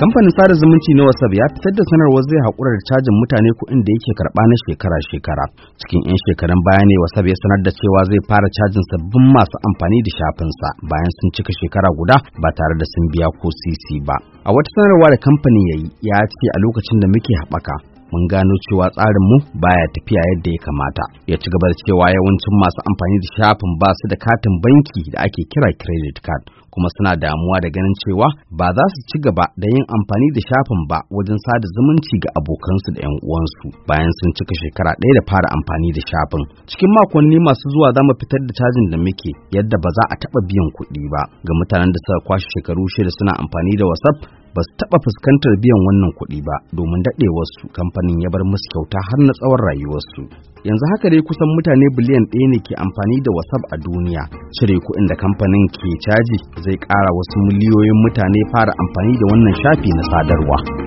kamfanin sada zumunci na whatsapp ya fitar da sanarwar zai haƙura da cajin mutane kuɗin da yake karɓa na shekara-shekara cikin 'yan shekarun baya ne whatsapp ya sanar da cewa zai fara cajin sabbin masu amfani da shafin sa, bayan sun cika shekara guda ba tare da sun biya ko sisi ba a wata sanarwa da kamfanin ya yi ya ce a lokacin da muke haɓaka mun gano cewa tsarin mu baya tafiya yadda ya kamata ya ci gaba da cewa yawancin masu amfani da shafin ba su da katin banki da ake kira credit card kuma suna damuwa da ganin cewa ba za su ci gaba da yin amfani da shafin ba wajen sada zumunci ga abokansu da 'yan uwansu bayan sun cika shekara ɗaya da fara amfani da shafin cikin makonni masu zuwa za mu fitar da cajin da muke yadda ba za a taɓa biyan kuɗi ba ga mutanen da suka kwashe shekaru shida suna amfani da whatsapp ba su taɓa fuskantar biyan wannan kuɗi ba domin daɗewarsu kamfanin ya bar musu kyauta har na tsawon rayuwarsu yanzu haka dai kusan mutane biliyan ɗaya ne ke amfani da whatsapp a duniya cire kuɗin da kamfanin ke caji zai ƙara wasu miliyoyin mutane fara amfani da wannan shafi na sadarwa.